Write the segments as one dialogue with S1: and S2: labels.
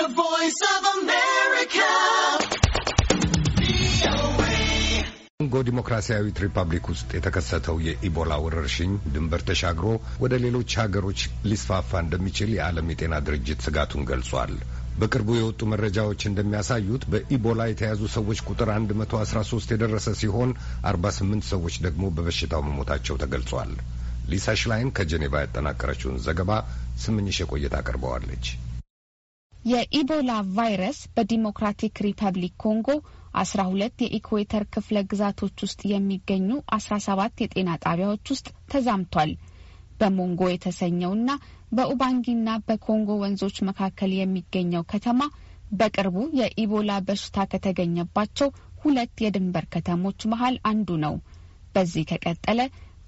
S1: The Voice of America.
S2: ኮንጎ ዲሞክራሲያዊት ሪፐብሊክ ውስጥ የተከሰተው የኢቦላ ወረርሽኝ ድንበር ተሻግሮ ወደ ሌሎች ሀገሮች ሊስፋፋ እንደሚችል የዓለም የጤና ድርጅት ስጋቱን ገልጿል። በቅርቡ የወጡ መረጃዎች እንደሚያሳዩት በኢቦላ የተያዙ ሰዎች ቁጥር 113 የደረሰ ሲሆን 48 ሰዎች ደግሞ በበሽታው መሞታቸው ተገልጿል። ሊሳ ሽላይን ከጄኔቫ ያጠናቀረችውን ዘገባ ስምኝሽ የቆየት አቅርበዋለች።
S1: የኢቦላ ቫይረስ በዲሞክራቲክ ሪፐብሊክ ኮንጎ አስራ ሁለት የኢኩዌተር ክፍለ ግዛቶች ውስጥ የሚገኙ አስራ ሰባት የጤና ጣቢያዎች ውስጥ ተዛምቷል። በሞንጎ የተሰኘውና በኡባንጊና በኮንጎ ወንዞች መካከል የሚገኘው ከተማ በቅርቡ የኢቦላ በሽታ ከተገኘባቸው ሁለት የድንበር ከተሞች መሀል አንዱ ነው። በዚህ ከቀጠለ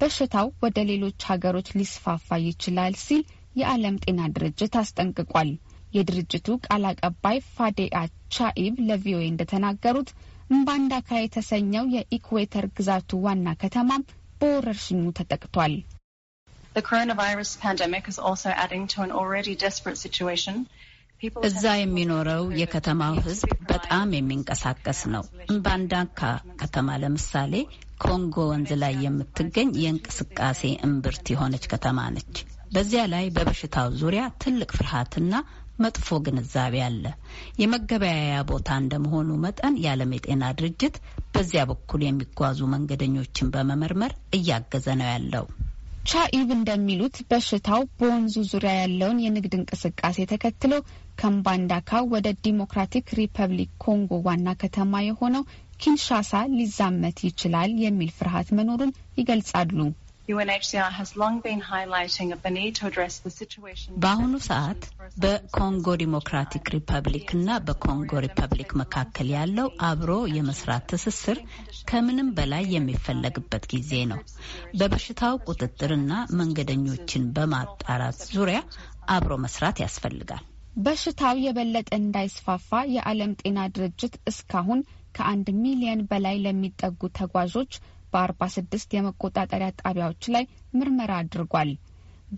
S1: በሽታው ወደ ሌሎች ሀገሮች ሊስፋፋ ይችላል ሲል የዓለም ጤና ድርጅት አስጠንቅቋል። የድርጅቱ ቃል አቀባይ ፋዴአ ቻኢብ ለቪኦኤ እንደተናገሩት እምባንዳካ የተሰኘው የኢኩዌተር ግዛቱ ዋና ከተማ በወረርሽኙ ተጠቅቷል።
S2: እዛ
S3: የሚኖረው የከተማው ሕዝብ በጣም የሚንቀሳቀስ ነው። እምባንዳካ ከተማ ለምሳሌ ኮንጎ ወንዝ ላይ የምትገኝ የእንቅስቃሴ እምብርት የሆነች ከተማ ነች። በዚያ ላይ በበሽታው ዙሪያ ትልቅ ፍርሃትና መጥፎ ግንዛቤ አለ። የመገበያያ ቦታ እንደመሆኑ መጠን የዓለም የጤና ድርጅት በዚያ በኩል የሚጓዙ መንገደኞችን በመመርመር እያገዘ ነው ያለው። ቻኢብ እንደሚሉት በሽታው በወንዙ ዙሪያ ያለውን የንግድ እንቅስቃሴ ተከትሎ ከምባንዳካ
S1: ወደ ዲሞክራቲክ ሪፐብሊክ ኮንጎ ዋና ከተማ የሆነው ኪንሻሳ ሊዛመት ይችላል የሚል ፍርሃት መኖሩን ይገልጻሉ።
S3: በአሁኑ ሰዓት በኮንጎ ዲሞክራቲክ ሪፐብሊክ እና በኮንጎ ሪፐብሊክ መካከል ያለው አብሮ የመስራት ትስስር ከምንም በላይ የሚፈለግበት ጊዜ ነው። በበሽታው ቁጥጥርና መንገደኞችን በማጣራት ዙሪያ አብሮ መስራት ያስፈልጋል።
S1: በሽታው የበለጠ እንዳይስፋፋ የዓለም ጤና ድርጅት እስካሁን ከአንድ ሚሊየን በላይ ለሚጠጉ ተጓዦች በ46 የመቆጣጠሪያ ጣቢያዎች ላይ ምርመራ አድርጓል።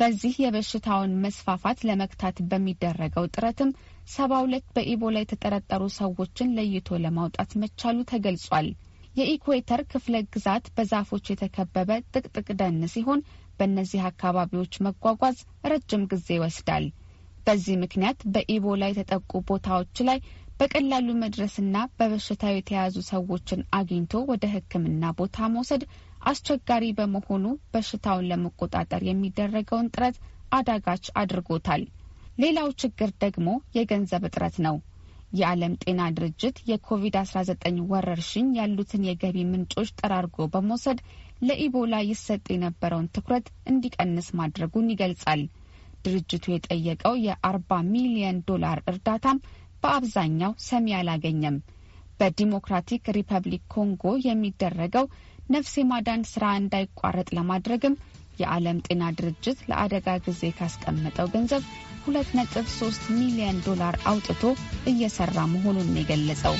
S1: በዚህ የበሽታውን መስፋፋት ለመግታት በሚደረገው ጥረትም ሰባ ሁለት በኢቦላ የተጠረጠሩ ሰዎችን ለይቶ ለማውጣት መቻሉ ተገልጿል። የኢኩዌተር ክፍለ ግዛት በዛፎች የተከበበ ጥቅጥቅ ደን ሲሆን በእነዚህ አካባቢዎች መጓጓዝ ረጅም ጊዜ ይወስዳል። በዚህ ምክንያት በኢቦላ የተጠቁ ቦታዎች ላይ በቀላሉ መድረስና በበሽታ የተያዙ ሰዎችን አግኝቶ ወደ ሕክምና ቦታ መውሰድ አስቸጋሪ በመሆኑ በሽታውን ለመቆጣጠር የሚደረገውን ጥረት አዳጋች አድርጎታል። ሌላው ችግር ደግሞ የገንዘብ እጥረት ነው። የዓለም ጤና ድርጅት የኮቪድ-19 ወረርሽኝ ያሉትን የገቢ ምንጮች ጠራርጎ በመውሰድ ለኢቦላ ይሰጥ የነበረውን ትኩረት እንዲቀንስ ማድረጉን ይገልጻል። ድርጅቱ የጠየቀው የ40 ሚሊየን ዶላር እርዳታም በአብዛኛው ሰሚ አላገኘም። በዲሞክራቲክ ሪፐብሊክ ኮንጎ የሚደረገው ነፍስ የማዳን ስራ እንዳይቋረጥ ለማድረግም የዓለም ጤና ድርጅት ለአደጋ ጊዜ ካስቀመጠው ገንዘብ 2.3 ሚሊዮን ዶላር አውጥቶ እየሰራ መሆኑን የገለጸው